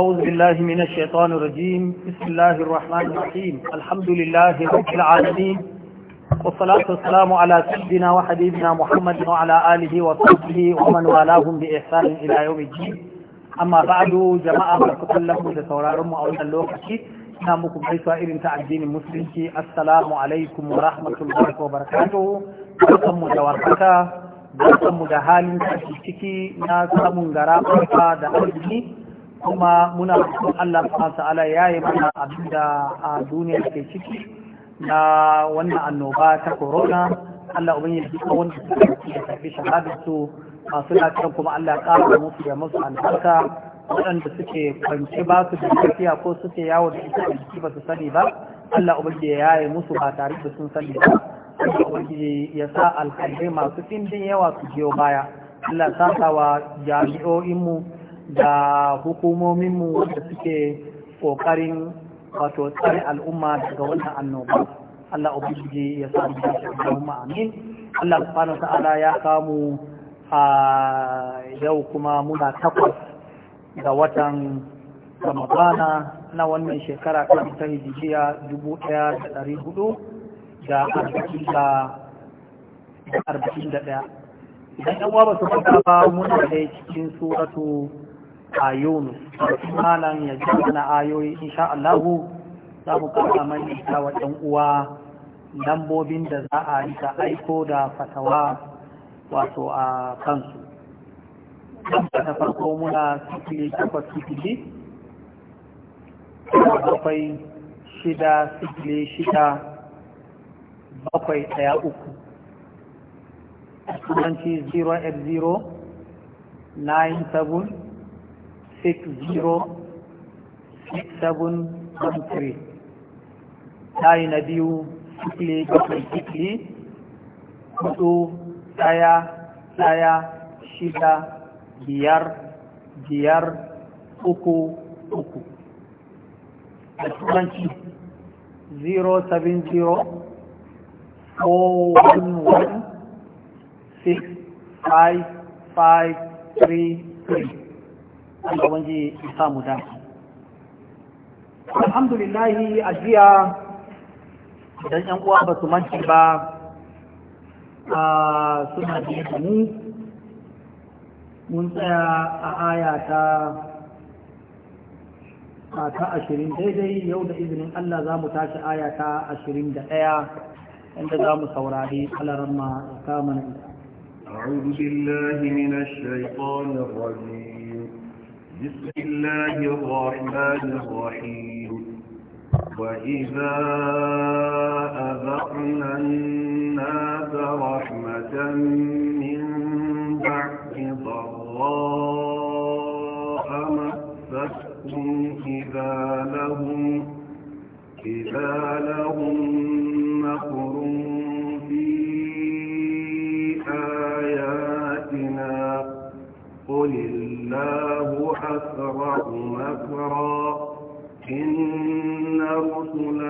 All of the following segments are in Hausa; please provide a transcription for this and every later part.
أعوذ بالله من الشيطان الرجيم بسم الله الرحمن الرحيم الحمد لله رب العالمين والصلاة والسلام على سيدنا وحبيبنا محمد وعلى آله وصحبه ومن والاهم بإحسان إلى يوم الدين أما بعد جماعة بركتكم لكم لتورارم أولا لوكتي namuku gaisuwa irin ta addinin السلام عليكم ورحمة الله وبركاته wa barakatuhu barkanmu da warhaka barkanmu da halin ciki kuma muna son Allah ta'ala ya yi mana abin da a duniya ke ciki na wannan annoba ta korona. Allah ubangiji duka wanda suka tafi shahadar su masu lafiyar kuma Allah ya ƙara musu da musu albarka waɗanda suke kwance ba su da lafiya ko suke yawo da ita a jiki ba su sani ba Allah yi ya yi musu ba tare da sun sani ba Allah yi ya sa alkalai masu ɗimbin yawa su biyo baya Allah ya sa wa jami'o'inmu da hukumominmu da suke ƙoƙarin wato tsare al'umma daga wannan annoba Allah ubangiji ya da amin Allah subhanahu ta'ala ya kamu a yau kuma muna takwas ga watan Ramadana na wannan shekara ta ta hijiya dubu ɗaya da ɗari hudu da arba'in da arba'in da ɗaya idan yan uwa su fata ba muna da cikin suratu ayun malam ya ji mana ayoyi insha Allah za mu kama mai ita wa ɗan uwa lambobin da za a yi ta aiko da fatawa wato a kansu ta farko muna sifili takwas sifili bakwai shida sifili shida bakwai ɗaya uku a turanci 9-7. 606713 tayi na biyu sikili bakwai sikili hudu daya daya shida biyar biyar uku uku a turanci 070 411 6 5 5 Allah wanje ya samu da alhamdulillah a jiya idan yan uwa ba su manci ba a suna da mu mun tsaya a aya ta ta ashirin daidai yau da izinin Allah za mu tashi aya ta ashirin da ɗaya inda za mu saurari alarma ma kamar. أعوذ بالله من الشيطان الرجيم بسم الله الرحمن الرحيم وإذا أذقنا الناس رحمة من بعد ضراء مستهم إذا لهم إذا لهم أسرع مكرا إن رسلنا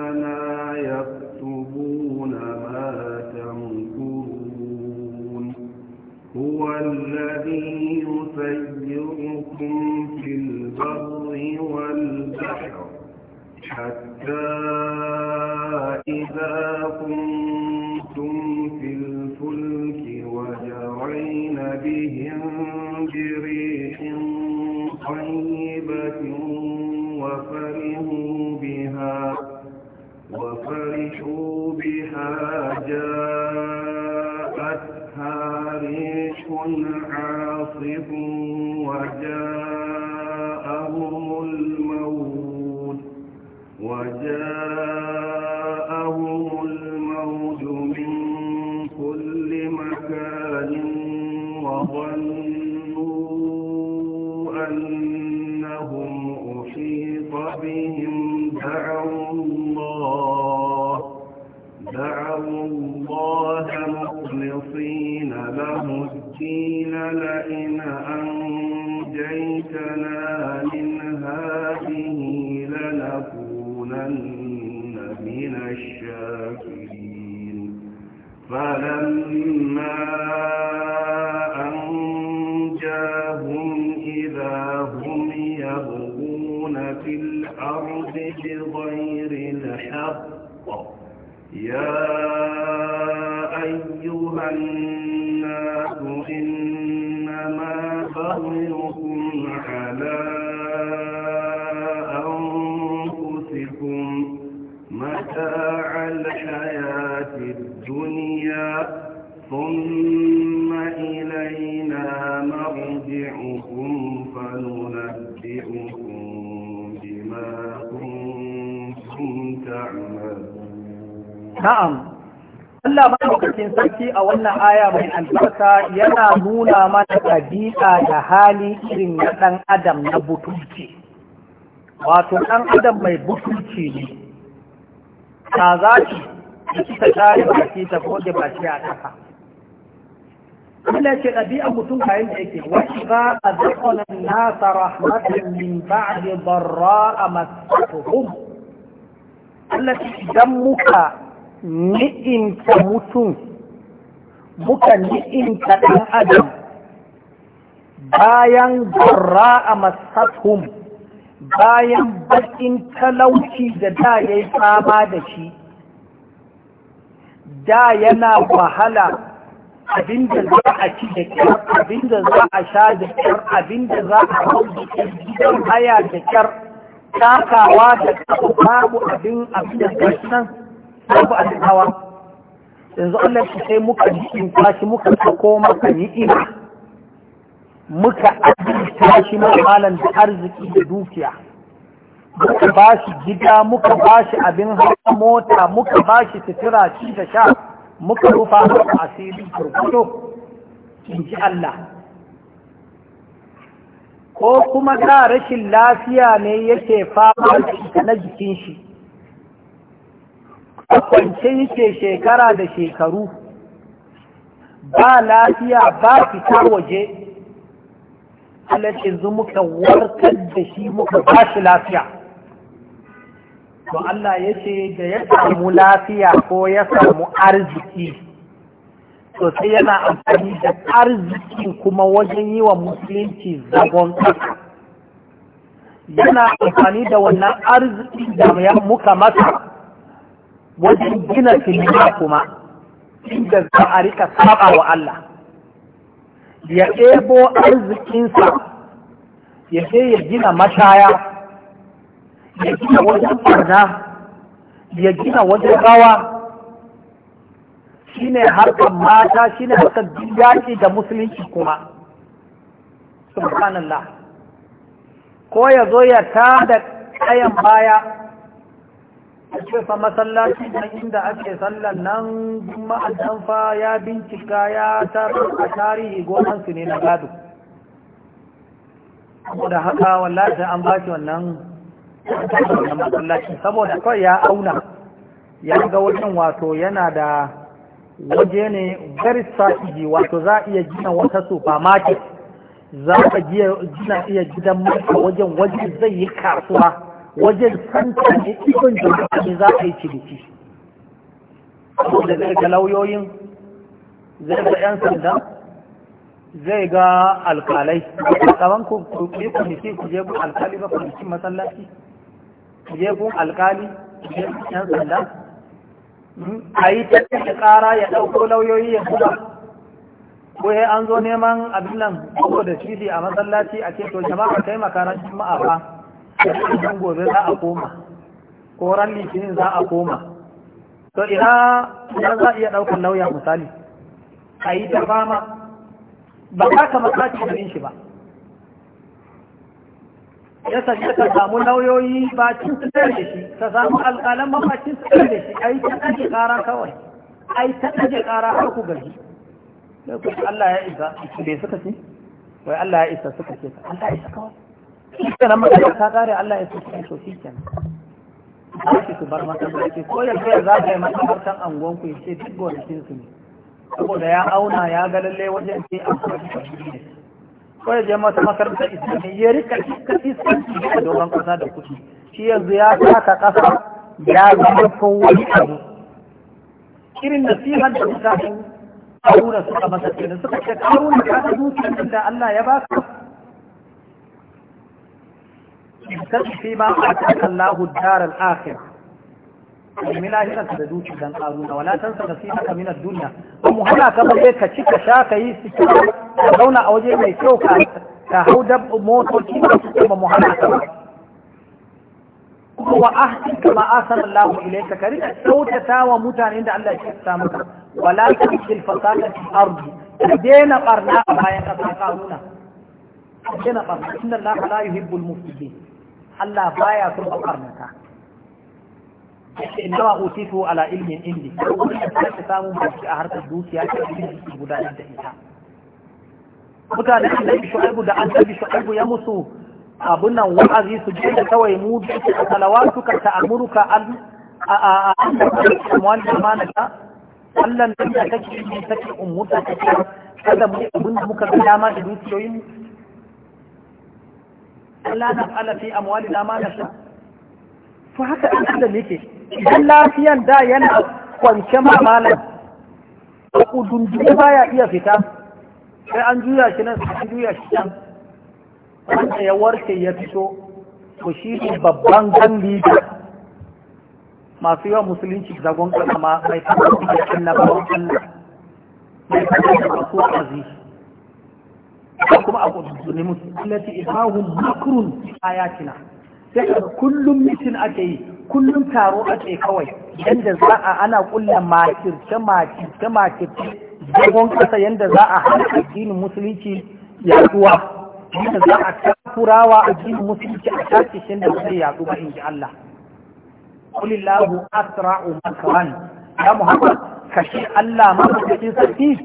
إنما على أنفسكم متاع الحياة الدنيا ثم إلينا مرجعكم فننبئكم بما كنتم تعملون نعم cikin sarki a wannan aya mai albarka yana nuna mana ɗabi'a da hali irin na ɗan adam na butulci wato ɗan adam mai butulci ne ta za ki ta tsari baki ta goge baki a ƙasa Allah ce ɗabi'ar mutum kayan da yake wasu ba a zakonan nasa rahmatin min ba'di barra a masatuhum Allah ce idan muka ni'inta mutum mukan yi in kaɗan adam bayan gara a masathum bayan baƙin talauci da da ya yi fama da shi da yana wahala abinda za a ci da kyar abinda za a sha da kyar abinda za a hau da kyar gidan haya da kyar takawa da kafa babu abin abin da nan babu abin hawa yanzu Allah shi sai muka jikin tashi muka sako maka ni'ima muka tashi shi halin da arziki da dukiya muka ba shi gida muka ba shi abin hawa mota muka ba shi sutura ci da sha muka rufa a asirin gurgudo in ji Allah ko kuma da rashin lafiya ne yake fama na jikin shi a kwance yake shekara da shekaru ba lafiya ba fita waje Allah yanzu muka warkar da shi muka ba shi lafiya to Allah ya ce da ya samu lafiya ko ya samu arziki to sai yana amfani da arziki kuma wajen yi wa musulunci zagon yana amfani da wannan arzikin da muka masa wajen gina sinima kuma inda za a rika saba wa Allah ya ebo arzikinsa ya je ya gina mashaya ya gina wajen barna ya gina wajen rawa ne harkar mata shi ne harkar yaƙi da musulunci kuma subhanallah ko ya zo ya tada kayan baya ce fa masallaci nan inda ake sallan nan juma'an fa ya bincika ya tarar a tarihi gonan su ne na gado saboda haka wallahi sai an bashi shi wannan masallaci saboda kawai ya auna ya ga wajen wato yana da waje ne very strategy wato za a iya gina wata supermarket za a iya gina iya gidan mai wajen waje zai yi kasuwa wajen santa da ikon jama'a za a yi ciniki da zai ga lauyoyin zai ga 'yan sanda zai ga alkalai tsawon ku yi kwamiti ku je gun alkali ba kwamitin masallaci ku je gun alkali ku je gun 'yan sanda hmm? a yi ta da ƙara ya ɗauko lauyoyi ya kuma ko ya an zo neman abin nan ko da shi a masallaci a ce to jama'a kai makarantar ma'afa cikin gobe za a koma ko ran litinin za a koma to ina ya za a iya ɗaukar lauya misali a yi ta fama ba za ka matsaci da shi ba ya sanya ka samu lauyoyi ba cin su da shi ka samu alƙalan cin su da shi a yi ta ɗage ƙara kawai a yi ta ɗage ƙara har ku gaji Allah ya isa bai suka ce wai Allah ya isa suka ce Allah ya isa kawai kenan magana ta kare Allah ya soke to shi kenan za ki su bar masallaci ko ya kai za ka yi masallacin anguwan ku ce duk gonakin su ne saboda ya auna ya ga lalle wajen ce a ko ya je masa makarantar islami ya rika iska iska da dogon kasa da kuɗi shi yanzu ya taka kasa ya zama kan wani abu irin nasihar da mutane karuna suka masa kenan suka ce karuna ka ta dukiyar da Allah ya baka tabbi fi ma ataka Allahu dar al-akhir min lahiran da duki dan karuna wala tansa nasibaka min ad-dunya kuma hada ka balle ka ci ka sha ka yi siki ka zauna a waje mai kyau ka ka hau da motoci da su kuma muhalla ka kuma wa ahsin kama ahsana Allahu ilayka ka rika kyautata wa mutanen da Allah ya sa maka wala tansil fasada fil ardi daina barna a bayan kasa karuna daina barna inna Allah la yuhibbul mufsidin Allah baya son barnata inna ma utitu ala ilmin indi ya ce samun bauki a harkar dukiya ta ilmin guda gudanar da ita mutane da shu'aibu da annabi shu'aibu ya musu abun nan wa'azi su je da kawai mu da salawatuka ta'amuruka an a an a amwal amanata Allah ne da take take ummuta take kada mu abun da muka ga dama da dukiyoyin Allah na ala fi amwali na ma to haka an kada yake idan lafiyan da yana kwance ma malam ko dundun baya iya fita sai an juya shi nan an juya shi can wanda ya warke ya fito to shi ne babban gangi masu yawan musulunci zagon kasa ma mai fata da annabawan Allah mai fata da masu aziz ko kuma a ne musu allati ibahum makrun ayatina sai ka kullum mitin ake yi kullum taro ake kawai yanda za a ana kulla makirce makirce makirce jagon kasa yanda za a hana addinin musulunci yaduwa yanda za a takurawa addinin musulunci a tashishin da zai yadu ba in ji Allah kulillahu asra'u makran ya muhammad kashi Allah ma sarki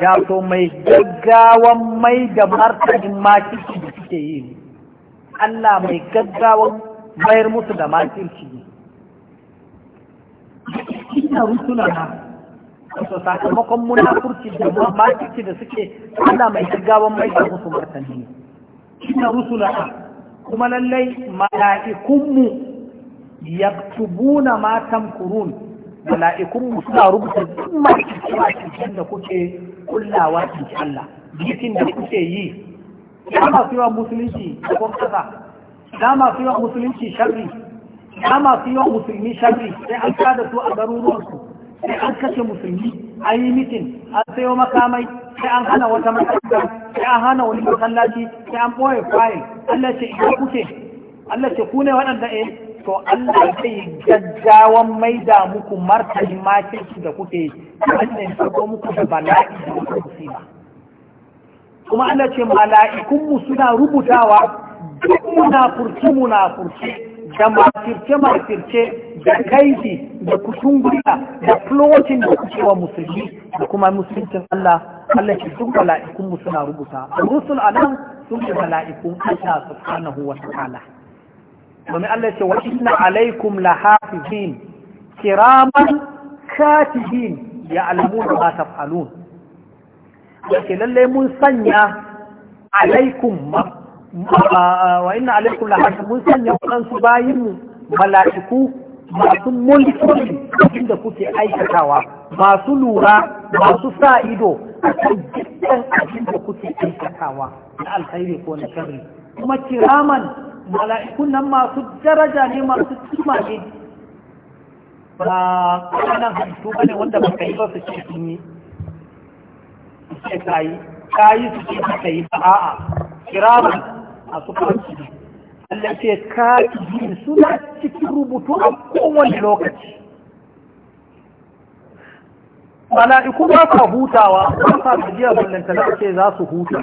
ya so mai gaggawan mai da martanin makirci da suke yi ne Allah mai gaggawan mayar musu da makirci ne ina rusuna na wato sakamakon munafurci da makirci da suke Allah mai gaggawan mai da musu martani ne ina rusuna na kuma lallai mala'ikunmu tubuna matan kurun, mala'ikunmu suna rubuta duk makirci da kuke kullawa cikin Allah bikin da kuke yi ya masu yawan musulunci da kasa ya masu yawan musulunci sharri ya masu yawan musulmi sharri sai an da su a garuruwansu sai an kashe musulmi A yi mitin an sayo makamai sai an hana wata makaranta sai an hana wani masallaci sai an boye fayil Allah ce ina kuke Allah ce ku ne waɗanda eh to Allah zai gaggawan maida muku martani makirki da kuke wannan farko muku da bala'i da wata ba. kuma Allah ce mala'ikunmu suna rubutawa duk munafurci munafurci da makirce makirce da kaifi da kusunguriya da floating da kuke wa musulmi da kuma musulcin Allah Allah ce duk mala'ikunmu suna rubuta rusul anan sun fi mala'ikun Allah subhanahu wa ta'ala domin Allah ya ce wa inna alaikum lahafizin kiraman katibin ya alamun ma taf'alun yake lalle mun sanya alaikum ma wa inna alaikum lahafizin mun sanya waɗansu bayin mu mala'iku masu mulkin inda kuke aikatawa masu lura masu sa ido a kan dukkan abin da kuke aikatawa na alkhairi ko na sharri kuma kiraman mala'ikun nan masu daraja ne masu kima ne ba kanan hantu ba ne wanda baka yi ba su ce sun yi ce ka yi ka yi su ce baka yi ba a'a ba a su kwanci ne allafe ka yi suna cikin rubutu a kowane lokaci mala'iku ba sa hutawa ba sa gajiya ballanta na ce za su huta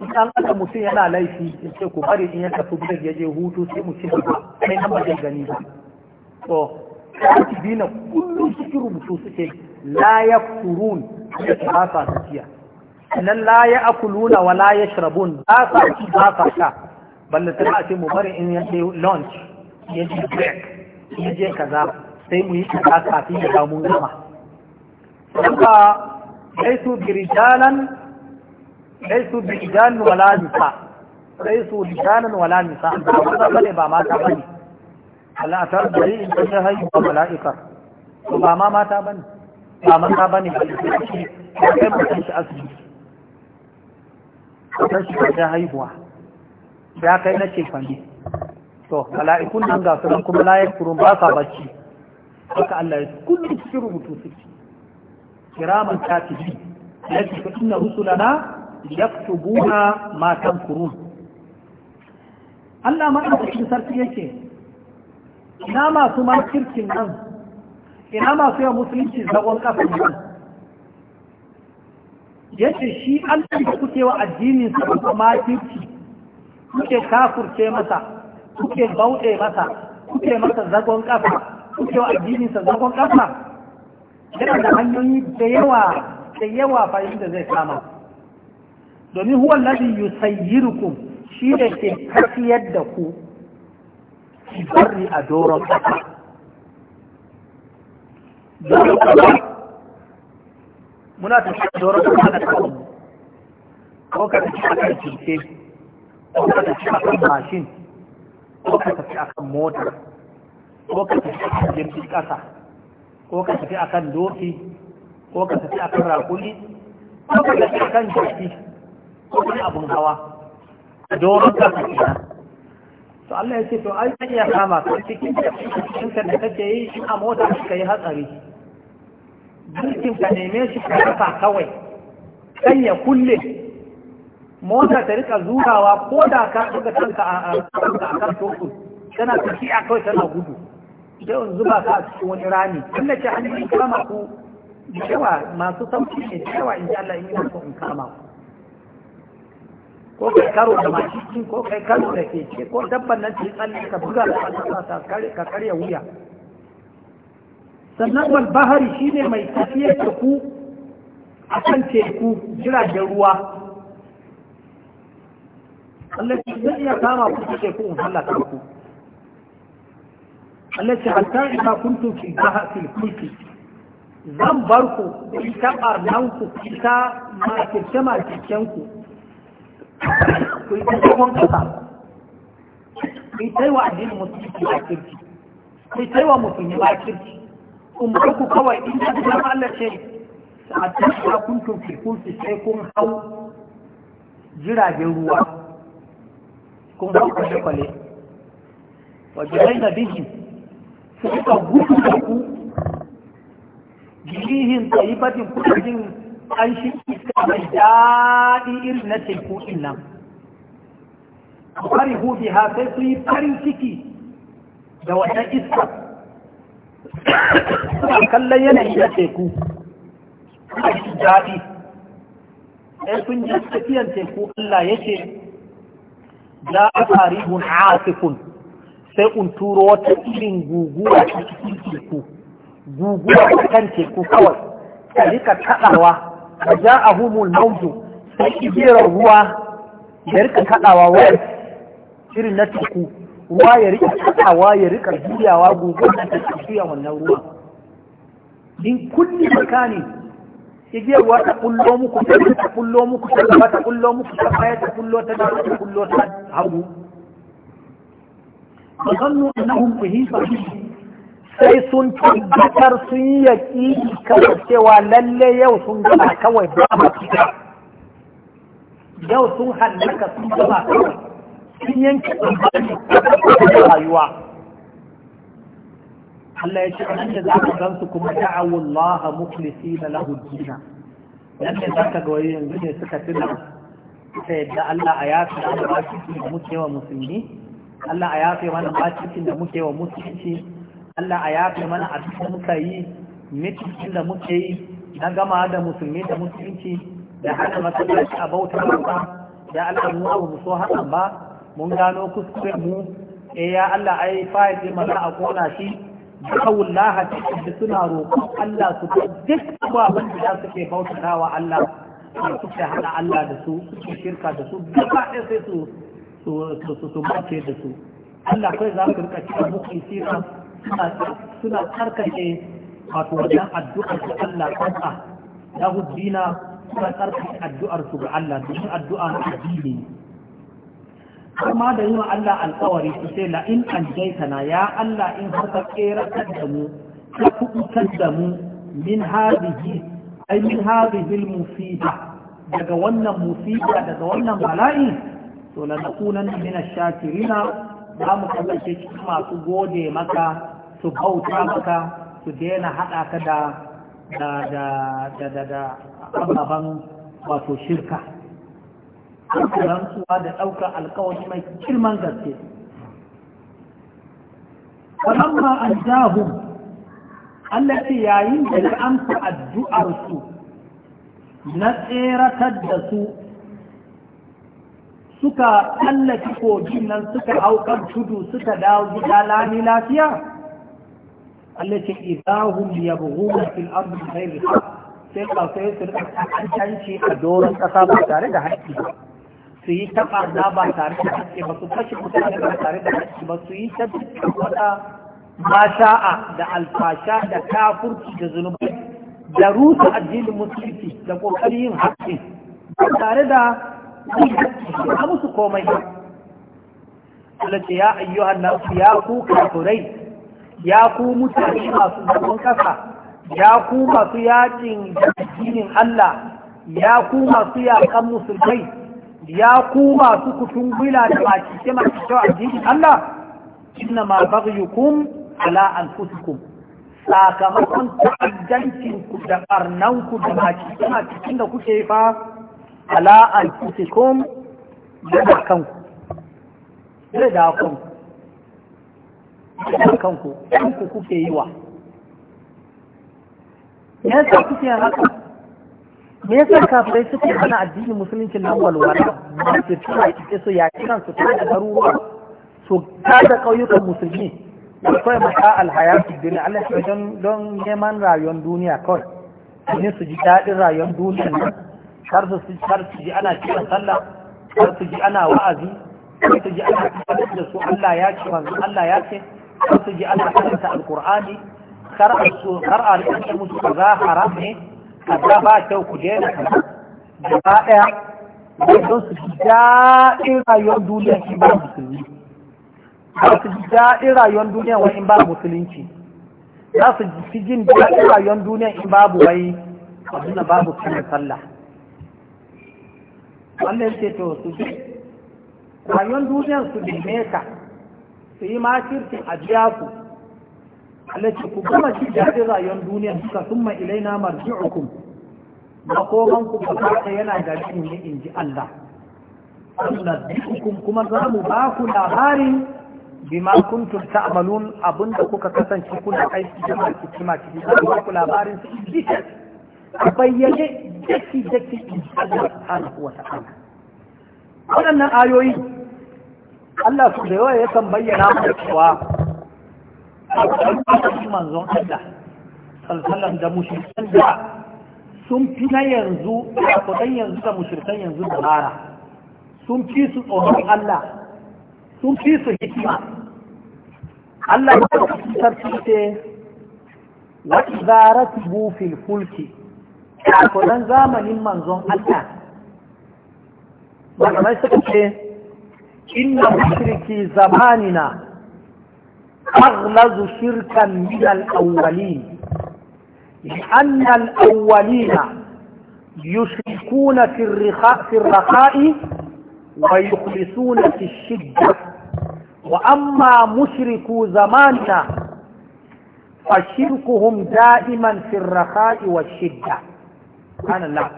an aka mutum yana laifi ya ce ku bari in ya tafi break ya je hutu sai mu ci gaba sai na majal gani ba to katibina kullum suke rubutu suke la kurun da ba sa tafiya nan la ya akuluna wa la shirabun ba sa ci ba sa sha balle ta ce mu bari in ya je lunch ya je break ya je kaza sai mu yi kaza kafin ya ga mun gama. Saka gaisu birijalan laisu bi ijanin wala nisa laisu lijanin wala nisa ba maza bane ba mata bane al'atar bari in ta haihu ba mala'ikar to ba ma mata bane ba mata bane ba shi ya kai mutum shi asibiti ta shi ta haihuwa ya kai na ce fandi to mala'ikun nan ga sunan kuma layar kurun ba sa bacci haka Allah ya kullum cikin rubutu suke kiraman katibi ya ce inna rusulana yaktubuha ma tankurun Allah madaukakin sarki yake ina masu makircin nan ina masu yawan musulunci zagon kafa ne yace shi Allah da kuke wa addinin sa ba makirci kuke kafurce masa kuke bauɗe masa kuke masa zagon kafa kuke wa addinin sa zagon kafa yana da hanyoyi da yawa da yawa fa'in da zai kama domin huwa yi yusayyirukum shi da ke tafiyar da ku barri a doron ƙasa doron ƙasa muna tafiya doron ƙasa da kanmu ko ka tafi a kan keke ko ka tafi a kan mashin ko ka tafi a kan mota ko ka tafi a kan jirgin ƙasa ko ka tafi a kan doki ko ka tafi a kan rakuli ko ka tafi a kan jirgi ko wani abun hawa a doron kasa kira to Allah ya ce to ai kan ya kama ka cikin cikin da kake yi shi a mota ka yi hatsari dukkin ka neme shi ka rafa kawai kan ya kulle mota ta rika zurawa ko da ka buga kanka a kan toku tana tafiya kawai tana gudu in zuba ka a cikin wani rami na ce hanyoyin kama ku da yawa masu sauki ne da yawa in ji Allah in yi in kama ku ko kai karo da macicin ko kai karo da keke ko dabban nan ce tsalle ka buga da ka karya wuya sannan wal bahari shine mai tafiyar da ku a kan teku jiragen ruwa allaci zai iya kama ku teku in hallaka ku allaci hatta ina kuntu fi bahar filkulki zan bar ku ita barnan ku ita makirce makircen ku ku yi taimakon ku yi addinin musulunci a kirki ku yi a kirki kawai in ka ji zama Allah ce a cikin kun fi sai kun hau jiragen ruwa kun hau kwale-kwale wajen da bihi suka gudu da ku jirihin tsayifatin kudin ƙanshin iska mai daɗi irin na teku ɗin nan fari hubi ha sai su yi farin ciki da wannan iska suna kallon yanayi na teku suna shi daɗi sai sun yi tafiyan teku Allah ya ce za a tarihun asikun sai un turo wata irin guguwa ta cikin teku guguwa ta kan teku kawai ta ka kaɗawa wa ja'ahumul mawtu sai igiyar ruwa ya rika kadawa wayar irin na teku ruwa ya rika kadawa ya rika juyawa gugun da ta juya wannan ruwa din kulli makani igiyar ruwa ta kullo muku ta ta kullo muku ta gaba ta kullo muku ta baya ta kullo ta dama ta kullo ta hagu fa zannu annahum fi hisabi sai sun tabbatar sun yi yaƙi kawai cewa lalle yau sun gama kawai ba mafita yau sun hallaka sun gama kawai sun yanke tsammani da rayuwa Allah ya ce nan da za ka gan su kuma da'awu Allah mukhlisina lahu dina nan za ka ga wani yanzu ne suka tuna ta yadda Allah a yafi mana bacin da muke wa musulmi Allah a yafi mana bacin da muke wa musulunci Allah a yafe mana a da muka yi mitin da muke yi na gama da musulmi da musulunci da hana masallaci a bauta ba Ya Allah mu abu so hakan ba mun gano kuskure mu eh ya Allah ai fa'il din maza a kona shi Allah da suna roƙon Allah su duk ababen da suke bautarawa Allah da suke hada Allah da su suke shirka da su gaba ɗaya sai su su su su da su Allah kai za su rika cikin muku isira suna tsarkake wato wajen addu'ar su Allah kansa yahuddina suna tsarkake addu'ar su ga Allah domin addu'a na addini ma da yi wa Allah alkawari su sai la'in an jaitana ya Allah in har ka tseratar da mu ka kubutar da mu min hadihi ai min hadihi musiba daga wannan musiba daga wannan bala'i to lanakunan min ash-shakirina za mu kasance cikin masu gode maka su bauta maka su daina haɗa ka da da da da da ababen wato shirka rantsuwa da ɗaukar alkawari mai girman gaske falamma an jahun Allah yayin da ya amsa addu'arsu na tseratar da su suka tallafi kogin nan suka hau tudu suka dawo gida lami lafiya التي إذاهم ليبغون في الأرض بغير الحق sai kawai su rika kancanci a doron ƙasa ba tare da haƙƙi ba su yi ta ɓarna tare da haƙƙi ba su kashe mutane ba tare da haƙƙi ba su yi ta dukkan wata masha'a da alfasha da kafurci da zunubai da rusa addinin musulunci da ƙoƙarin yin haƙƙi ba tare da yin ba musu komai ba. Allah ce ya ayyuhan nasu ya ku kafurai ya ku mutane masu zaman kasa ya ku masu yakin jinin Allah ya ku masu yakan musulmai ya ku masu kutun gula da baki ke masu kyau addinin Allah inna ma baghyukum ala anfusikum sakamakon ta'addancin ku da barnan ku da baki kuma cikin da kuke fa ala anfusikum da kanku da kanku da kanku kanku kuke yi wa me yasa kuke haka me yasa kafirai suke hana addinin musulunci nan walwala ba su tura kike su ya kiran su tada garuruwa su tada kauyukan musulmi da kawai mata alhayatu duniya Allah ya don don neman rayuwar duniya kawai ne su ji daɗin rayuwar duniya nan kar su su ji ana kiran sallah kar su ji ana wa'azi kar su ji ana kiran da su Allah ya manzo Allah ya ce za su ji ana karanta alkur'ani kar a rikice musu ka za haram ne ka za ba kyau ku daina kaza gaba ɗaya don su ji daɗin rayuwar duniya shi ba musulmi za su ji daɗin rayuwar duniya wani in ba musulunci za su ji jin daɗin rayuwar duniya in babu wai abin da babu kan sallah Allah ya ce to su ji rayuwar duniyar su dime ka su yi makircin a biya ku Allah ku gama shi jaɗin rayuwar duniya suka summa ilaina marji'ukum koman ku ba ta yana da shi ne in ji Allah nunabbi'ukum kuma za mu ba ku labarin bima kuntum ta'malun abinda kuka kasance kuna aiki da masu kima ciki za mu ba ku labarin su in ta bayyane daki daki in ji Allah subhanahu wa ta'ala waɗannan ayoyi Allah su da yawa yakan bayyana mai cewa a manzon Allah salsalan da mushirkan da sun fi na yanzu a kudan yanzu da mushirkan yanzu da mara sun fi su tsohon Allah sun fi su hikima Allah ya fi sarki ce wata zara bu bufin fulki a kudan zamanin manzon Allah mai suka ce إن مشرك زماننا أغلظ شركا من الأولين لأن الأولين يشركون في الرخاء, في الرخاء ويخلصون في الشدة وأما مشركو زماننا فشركهم دائما في الرخاء والشدة سبحان الله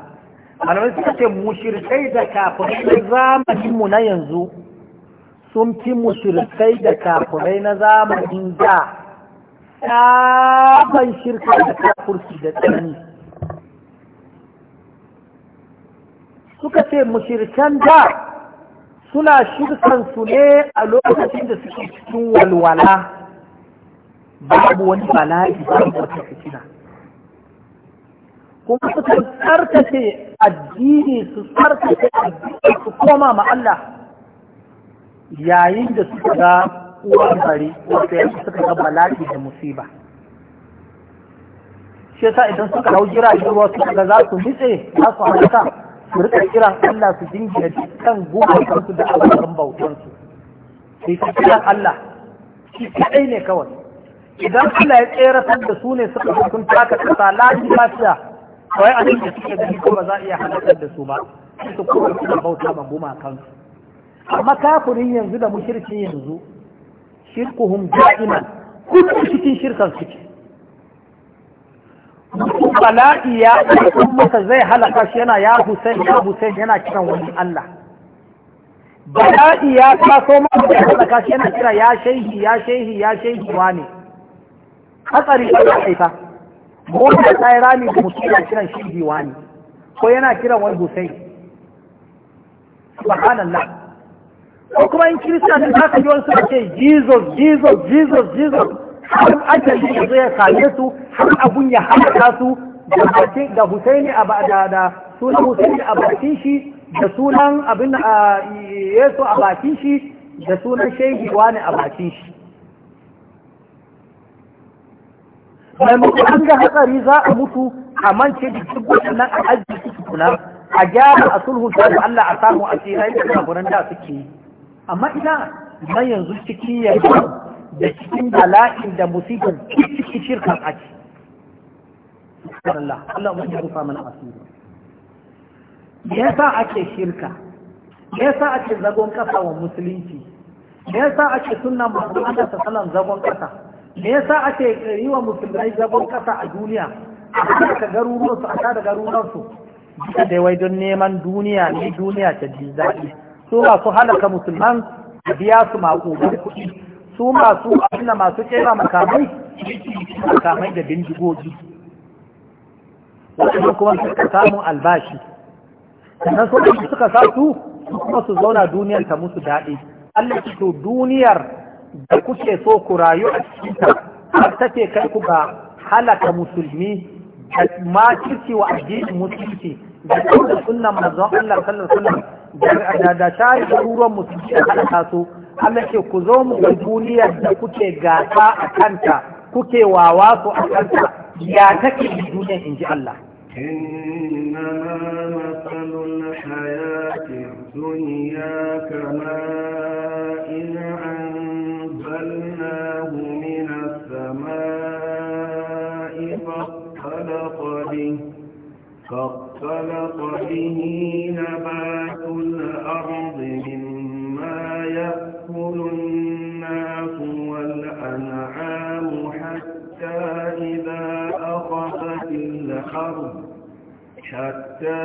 أنا بس مشركي ذكاء فإن زمن من ينزو sun fi mushrikai da kafurai na zamanin da ban shirka da kafurki da tsanani suka ce mushirkan da suna shirkansu ne a lokacin da suke cikin walwala babu wani bala'i babu wata fitina kuma suka tsarkace addini su tsarkace addini su koma ma Allah yayin da suka ga uwan bari wato yayin suka ga bala'i da musiba shi yasa idan suka hau jira ruwa suka ga za su nitse za su halaka su rika kiran Allah su jingina dukkan gumakansu da abokan bautansu sai su kiran Allah shi kaɗai ne kawai idan Allah ya tseratar da su ne suka hukun taka kasa lafi lafiya kawai a cikin da suke gani ko ba za a iya halakar da su ba su kuma suna bauta ma gumakansu amma kafirin yanzu da mushirkin yanzu shirkuhum da'iman kuma cikin shirkan suke mutum bala'i ya kuma masa zai halaka shi yana ya Hussein ya Hussein yana kiran wani Allah bala'i ya taso ma zai halaka shi yana kira ya shehi ya shehi ya shehi wani hatsari ba ya haifa mota tsaye rami da mutum yana kiran shehi wani ko yana kiran wani Hussein subhanallah ko kuma in kirista ne za ka ji wasu ake jesus jesus jesus jesus har ajali ya zo ya same su har abun ya halaka su da husaini a da sunan husaini a bakin shi da sunan abin yesu a bakin shi da sunan shehi wani a bakin shi maimakon an ga hatsari za a mutu a mance da duk nan a ajiye su tukuna a gyara a sulhu da Allah a samu a tsira da kafuran da suke yi amma ina idan yanzu ciki ya da cikin bala'in da musibin ciki shirkan ake Allah Allah wani rufa mana asiri Ya sa ake shirka me sa ake zagon kasa wa musulunci me sa ake sunna muhammad salon zagon kasa me sa ake yi wa musulmai zagon kasa a duniya a ka garuruwarsu, a garuruwarsu, garuruwansu da wai don neman duniya ne duniya ta ji daɗi su masu halaka musulman da biya su makudan kuɗi su masu abinda masu kera makamai makamai da bindigogi wasu kuma suka samun albashi sannan su suka sa su kuma su zauna duniyar ta musu daɗi Allah ki to duniyar da kuke so ku rayu a cikin ta har take kai ku ga halaka musulmi da ma kirki wa addinin musulunci da kuma sunnan manzon Allah sallallahu alaihi wasallam da da ruruwan musulmi da halaka su Allah ce ku zo mu ga duniyar da kuke gasa a kanta kuke wawa su a kanta ya take duniya in ji Allah إنما مثل الحياة فاختلط به نبات بحار حتى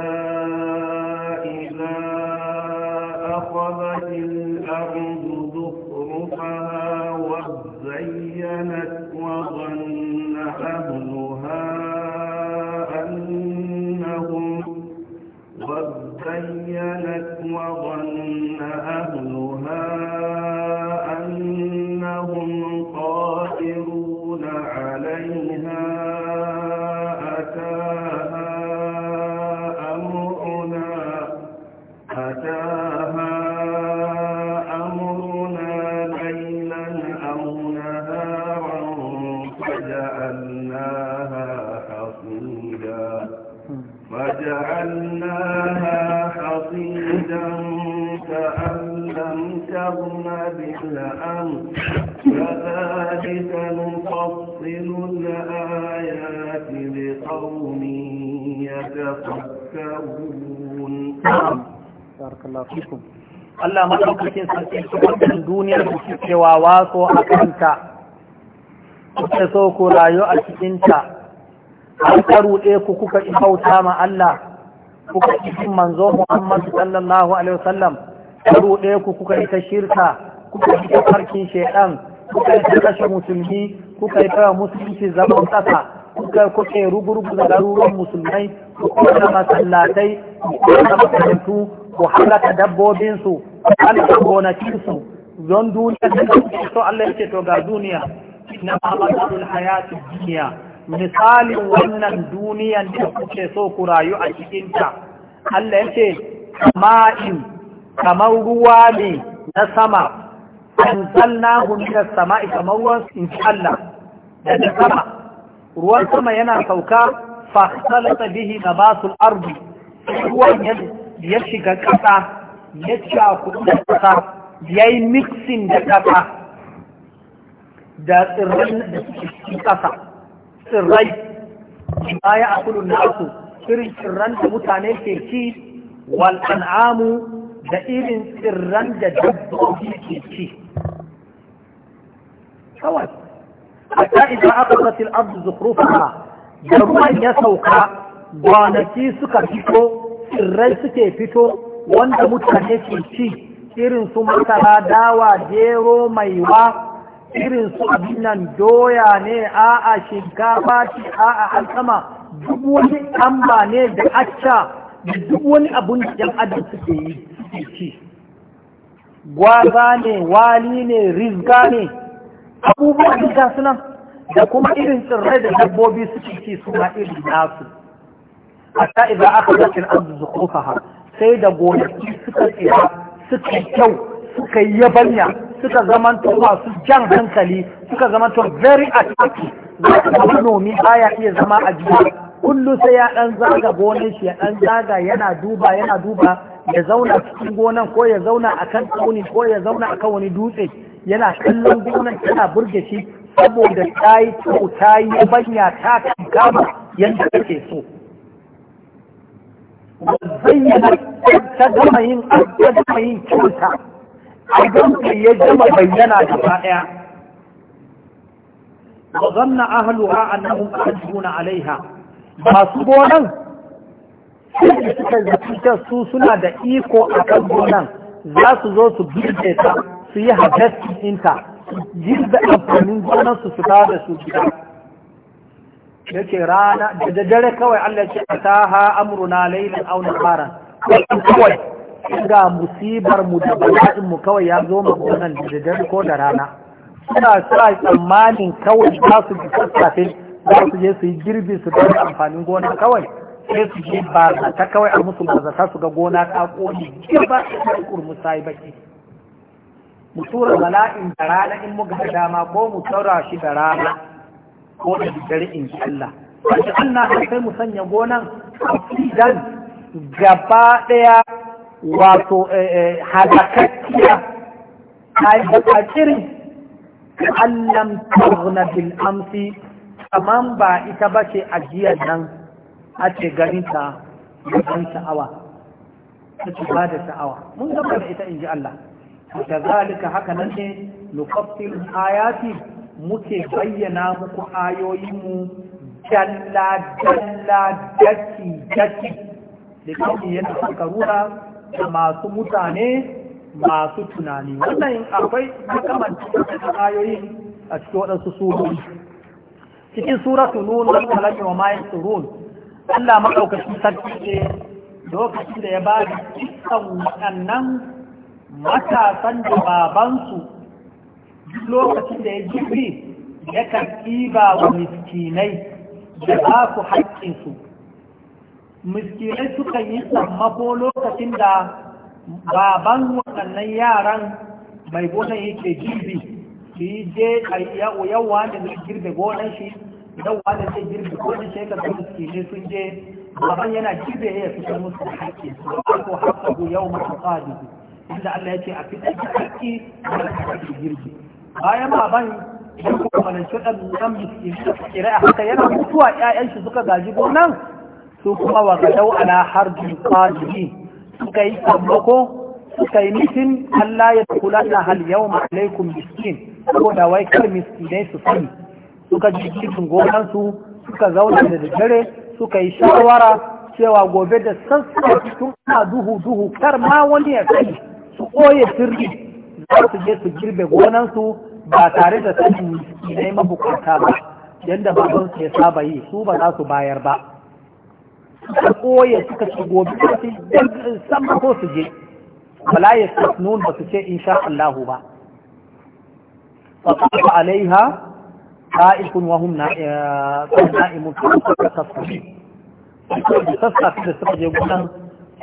da kuke cewa waso a kanta kuka so ku rayu a cikinta an karuɗe ku kuka bauta ma Allah kuka cikin manzo Muhammad sallallahu alaihi wasallam karuɗe ku kuka ta shirka kuka ta farkin shaidan kuka ta kashe musulmi kuka ta musulunci zaman kasa kuka kuke rugurugu da garuruwan musulmai ku kona masallatai ku kona makarantu ku halaka dabbobinsu ku halaka gonakinsu don duniya da so Allah yake to ga duniya na mamadul hayati duniya misalin wannan duniya da kuke so ku rayu a ta, Allah yake ma'in kamar ruwa ne na sama anzalnahu minas sama'i kamar ruwan insha Allah daga sama ruwan sama yana sauka fahtalata bihi nabatul ardi ruwan ya shiga kasa ya ci a kudin kasa ya yi mixin da ƙasa da tsirrai da suke ƙasa tsirrai ba ya akulu aku irin tsirran da mutane ke ci wal da irin tsirran da dabbobi ke ci kawai hatta idan aka satil ardu zukhrufaha da ruwan ya sauka gwanaki suka fito tsirrai suke fito wanda mutane ke ci irin su masara dawa jero maiwa irin su abin nan doya ne a'a shinkafa ce a'a alkama duk wani amba ne da acca da duk wani abun da yan adam suke yi ci gwaza ne wali ne rizga ne abubuwa da suna da kuma irin tsirrai da dabbobi suke ci suna irin nasu hatta idan aka zakin arzu zukufa sai da gonaki suka tsira suka yi kyau suka yi yabanya suka to masu jan hankali suka to very attractive za ka baya iya zama a jiya kullu sai ya dan zaga gonan shi ya dan zaga yana duba yana duba ya zauna cikin gonan ko ya zauna akan tsauni ko ya zauna akan wani dutse yana kallon gonan tana burge shi saboda tayi yi kyau yabanya ta kama yadda kake so zayyana ta gama yin ta yin kyauta a gamsa ya gama bayyana gaba ɗaya wa zanna ahluha annahum qadimuna alaiha masu gonan sai suka zaci su suna da iko a kan gonan za su zo su girbe ta su yi harvesting ɗinta girbe amfanin gonan su su da su gida yace rana da daddare kawai Allah ce ataha amruna laylan aw naharan kawai ga musibar mu da bala'in mu kawai ya zo mu nan da daddare ko da rana suna sa tsammanin kawai za su ji sassafe za su je su yi girbi su da amfanin gona kawai sai su je ba ta kawai a musu ba ta su ga gona ta koli girba ta kurmusa yi baki mu tura bala'in da rana in mu ga dama ko mu taura shi da rana ko da sha Allah wanda Allah ya kai mu sanya gonan fidan gaba daya wato eh, eh, hadakakkiya ta yi bakakirin allam tauna bil amsi kaman ba ita ba ce ajiyar nan a ce ta gaban sha'awa ta ce ba da sha'awa mun gaba da ita in ji Allah da zalika haka nan ne nukaftil ayati muke bayyana muku ayoyinmu dalla dalla daki daki da kuma yana karura da masu mutane masu tunani wannan akwai makamanci da ayoyin a cikin waɗansu suhuri cikin suratu nun da kalami wa mayan surun Allah maɗaukacin sarki ne lokacin da ya ba da dukkan waɗannan matasan da babansu lokacin da ya ya yakan ba wa miskinai da ba su haƙƙinsu miskinai sukan yi sammako lokacin da baban waɗannan yaran mai gona yake girbi su yi je yawa da zai girbe gonan shi yawa da zai girbe gonan shi ya kan miskinai sun je baban yana girbe ya fitar musu da haƙƙi ko haƙƙahu yau masu inda Allah ya ce a fitar da haƙƙi da girbi bayan ban ya kuma malanci ɗan miskini da kira a haka yana mutuwa ƴaƴan shi suka gaji gonan su kuma wa ga dau ala harbin qadiri suka yi sammako suka yi mitin Allah ya kula da hal yawma alaikum miskin saboda wai kar miskinai su sani suka ji cikin gonan su suka zauna da daddare suka yi shawara cewa gobe da sassafe sun duhu duhu kar ma wani ya kai su ɓoye sirri za su je su girbe gonansu ba tare da sanin miskinai mabukata ba yadda babansu ya saba yi su ba za su bayar ba suka koya suka ci gobe su sama ko su je bala ya nun ba su ce insha Allahu ba fa alaiha ta'ifun wa hum na'imun suka tasfi suka da suka je gudan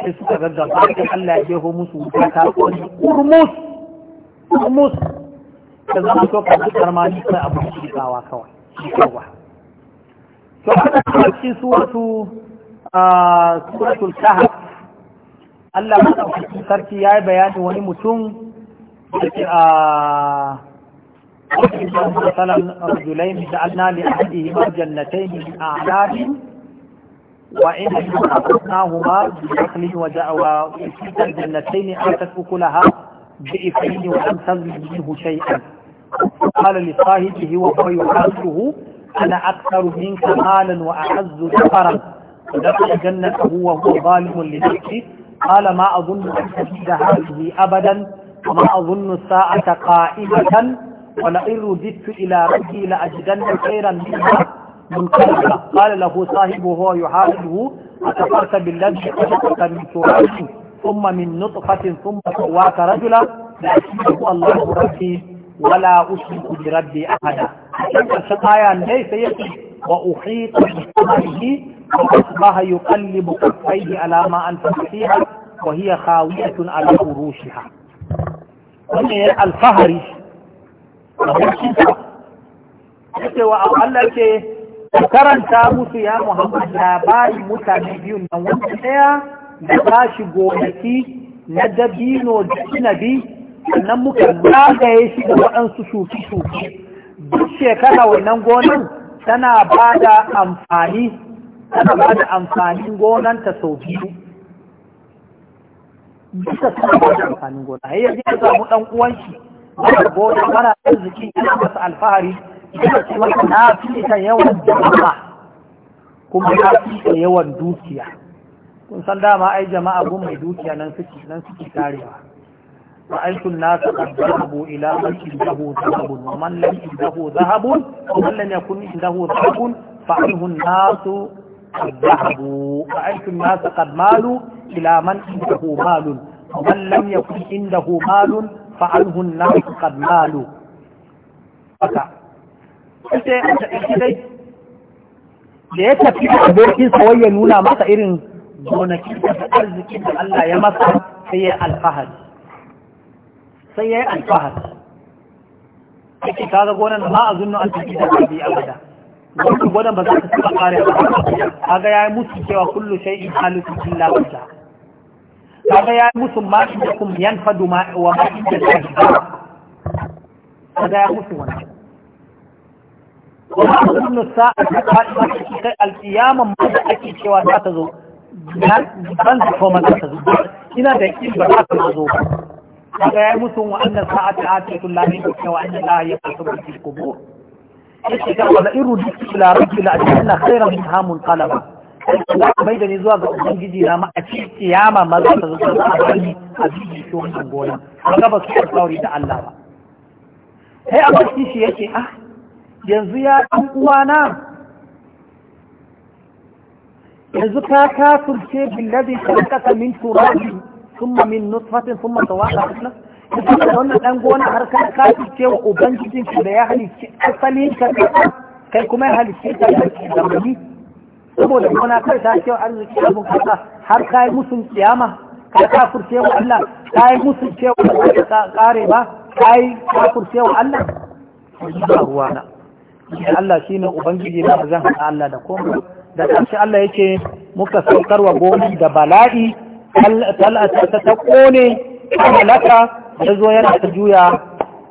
sai suka gaggaba sai Allah ya jeho musu wuta ta kurmus mus ka zama so ka ji karmani kai abu shi kawa kawai shi kawa to a cikin suratu suratul kahf Allah sarki ya yi bayani wani mutum da ke a مثلا رجلين جعلنا لأحدهما جنتين من أعناب وإن أخذناهما بشكل ne a الجنتين آتت أكلها بإثنين ولم تظلم منه شيئا قال لصاحبه وهو يحاسبه أنا أكثر منك مالا وأعز سفرا ودخل جنته وهو ظالم لنفسه قال ما أظن أن تجد هذه أبدا وما أظن الساعة قائمة ولئن رددت إلى ربي لأجدن خيرا منها منقلبا قال له صاحبه وهو يحاسبه أكفرت بالذي خلقك من تراب ثم من نطفة ثم سواك رجلا لا أشرك الله ربي ولا أشرك بربي أحدا عشان الشقايا ليس يكفي وأحيط بثمره فأصبح يقلب كفيه على ما أنفق فيها وهي خاوية على فروشها wannan الفهر a cewa a Allah ce karanta musu ya Muhammad labarin mutane biyun nan da ba gonaki na dabino da inabi sannan muka zagaye shi da waɗansu shuki-shuki duk shekara wannan gonan tana ba da amfani tana ba da amfanin gonanta sau biyu bisa tana ba da amfanin gona ya yi ya samu ɗan uwanshi mara gona mara arziki yana masa alfahari yana ce masa na fi yawan jama'a kuma na fi yawan dukiya kun san dama ai jama'a gun mai dukiya nan suke nan suke karewa wa aikun nasu qaddabu ila man indahu zahabun wa man lam indahu zahabun wa man lam yakun indahu zahabun fa anhu nasu qaddabu wa aikun nasa qad malu ila man indahu malun wa man lam yakun indahu malun fa anhu nasu qad malu haka sai an ta dai da ya tafi abokin sa wai ya nuna masa irin gonakin da arzikin da Allah ya masa sai ya yi alfahari sai ya yi alfahari kake kaga gonan ba a zunnu an tafi da kabi abada wannan gonan ba za ta taba kare ba ya yi musu cewa kullu shay'in halikun illa wajha ya yi musu ma inda kum yanfadu ma wa ma inda kaga ya musu wannan wa ma zunnu sa'a ta kai alƙiyama ma da ake cewa za ta zo ban da koma za ta zuwa ina da yakin ba za ta zo ba kaga ya yi wa wa'annan sa'ati da la min kuka wa annan la yaqtu bi qubur yace ga wala iru ila rabbi la ajanna khayran min hamun qalaba za ka bai da ni zuwa ga ubangiji na ma a cikin kiyama ma za ta zo ta bani a bibi shi wannan gona kaga ba su tsauri da Allah ba sai a bashi shi yake ah yanzu ya dan uwana yanzu ka kafirce billazi khalaqaka min turabi thumma min nutfatin thumma tawaqa nan kuma wannan dan gona har ka kafirce wa ubangijin da ya halice asalin ka kai kuma ya halicce ka da zamani saboda gona kai ta ce arziki abun kasa har kai musun kiyama ka kafirce wa Allah kai musun cewa ba ka kare ba kai wa Allah ba ruwana Allah ubangiji na zan Allah da komai da ƙarshe Allah ya ce muka saukar wa gonin da bala'i talata ta kone halaka ya zo yana ta juya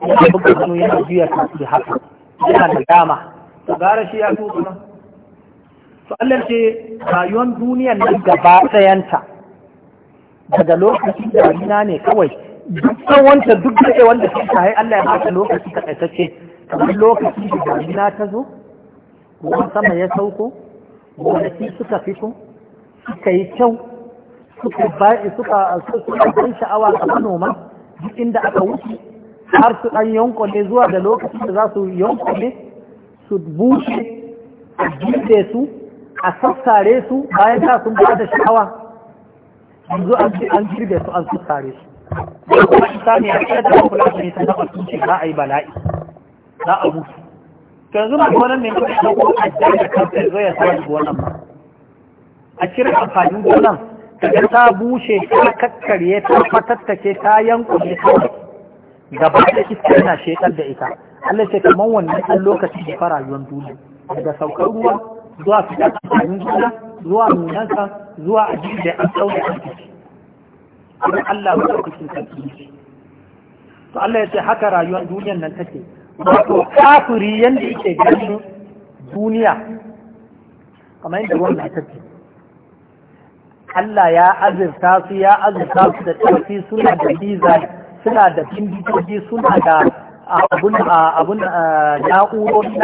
yana buga hannu yana juya ta su haka yana da dama to gara shi ya so kuma to Allah ce rayuwar duniyan nan gaba ɗayanta daga lokacin da rina ne kawai duk tsawonta duk da wanda shi ta Allah ya bata lokaci ɗaitace kamar lokacin da rina ta zo ruwan sama ya sauko gonaki suka sun suka yi kyau suka bai suka ɗan sha'awa a manoma duk inda aka wuce har su ɗan ne zuwa da lokacin da za su ne, su bushe a gide su a sassare su bayan ta sun ba da sha'awa yanzu an girbe su an sassare su kuma isa ne a cikin da kula da ne ta taɓa sun ce za a yi bala'i za a mutu to yanzu ba gonan ne ko da ko adda da kafin zo ya sa gonan ba a cire amfanin gonan kaga ta bushe ta kakkarye ta fatattake ta yankune ta gaba da iska yana shekar da ita Allah ce kamar wannan ɗan lokaci da fara rayuwar duniya daga saukar ruwa zuwa fitar amfanin gona zuwa nunansa zuwa a ajiyar da an tsauna a ciki abin Allah ba ɗaukacin sarki to Allah ya ce haka rayuwar duniyar nan take wato kafiri yadda yake ganin duniya kamar yadda ruwan na tafi Allah ya azurta su ya azurta su da tafi suna da biza suna da bindigogi suna da abun abun na'urori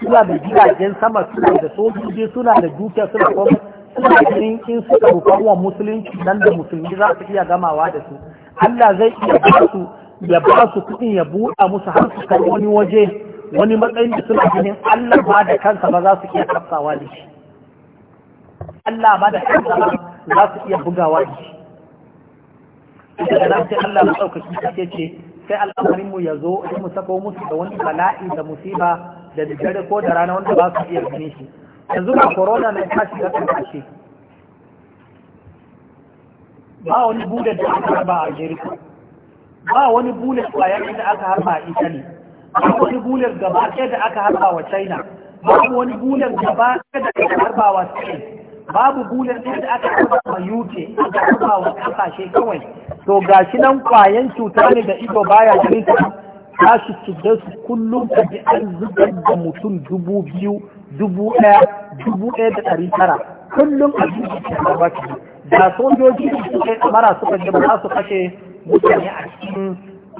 suna da jiragen sama suna da sojoji suna da dukiya suna kuma suna ganin in suka rufa wa musulunci nan da musulmi za su iya gamawa da su Allah zai iya ba su ya ba su kuɗin ya buɗa musu har su kan wani waje wani matsayin da suna ganin Allah ba da kansa ba za su iya kafsawa da shi Allah ba da kansa ba za su iya bugawa da shi Ita da sai Allah maɗaukaki take ce sai al'amarinmu ya zo in mu sako musu da wani bala'i da musiba da dare ko da rana wanda ba su iya gane shi yanzu ba corona na ta shiga kasashe ba wani buɗe da aka ba a Jericho ba wani bullet kwayar da aka harba a italy ba wani bullet gaba ɗaya da aka harba wa china babu wani bullet gaba ɗaya da aka harba wa spain babu bullet ɗaya da aka harba wa uk aka harba wa ƙasashe kawai to ga shi nan kwayan cuta ne da ido baya ganin ta su cuta su kullum ka ji an zubar da mutum dubu biyu dubu ɗaya dubu ɗaya da ɗari tara kullum a cikin da sojoji da suke mara suka ji ba za su kashe mutane a cikin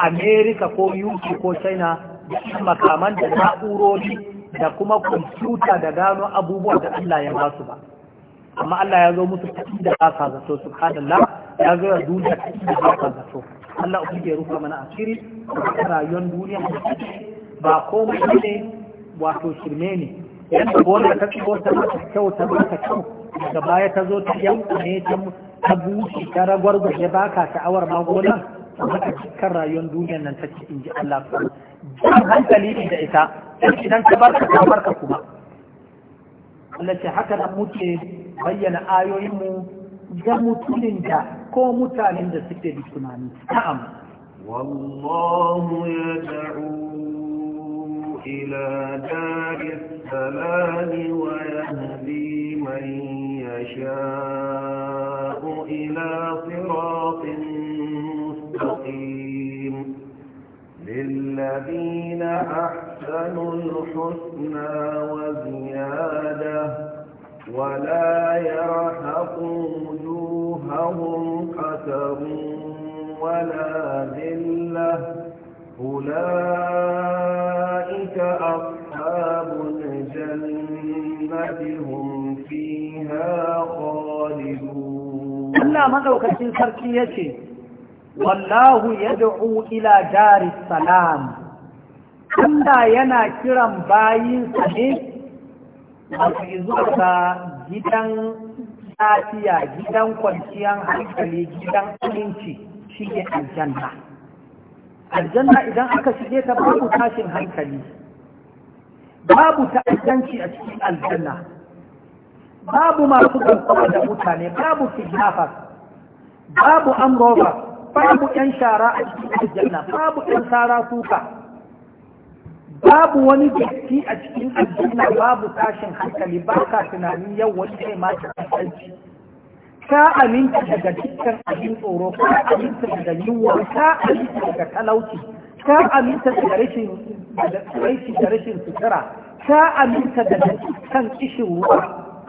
Amerika ko uk ko china da makaman da na'urori da kuma kwamfuta da gano abubuwa da allah ya ba su ba amma allah ya zo musu ta da ba ka zato subhanallah ya zo ya duniya ta da ba sa zato allah uku ya rufa mana asiri da rayuwar duniya ba komai ne wato shirme ne yadda gona ta ci ta mata kyau ta mata kyau daga baya ta zo ta yanku ne ta Ka bushe ta da ya baka sha'awar magona haka cikin rayuwar duniyar nan ta in ji Allah jan hankali ne da ita idan ka barka ka barka kuma Allah ce haka da muke bayyana ayoyinmu ga mutumin da ko mutanen da suke da tunani na'am إلى دار السلام ويهدي من يشاء إلى صراط مستقيم للذين أحسنوا الحسنى وزيادة ولا يرحق وجوههم قتر ولا ذله أولئك أصحاب الجنة هم فيها خالدون ya مدوكة سركية والله يدعو إلى دار السلام Allah yana kiran bayinsa ne masu zuwa gidan lafiya gidan kwanciyar hankali gidan aminci shige ne aljanna. aljanna idan aka shige ta babu tashin hankali babu ta'addanci a cikin aljanna babu masu gamsuwa da mutane babu kidnappers babu amroba babu yan shara a cikin aljanna babu yan sara suka babu wani jiki a cikin aljanna babu tashin hankali ba ka tunanin yau wani zai ma ta'addanci ka aminta daga cikin abin tsoro ka aminta daga yunwa ka aminta daga talauci ka aminta daga rashin da rashin sutura ka aminta daga cikin kishin ruwa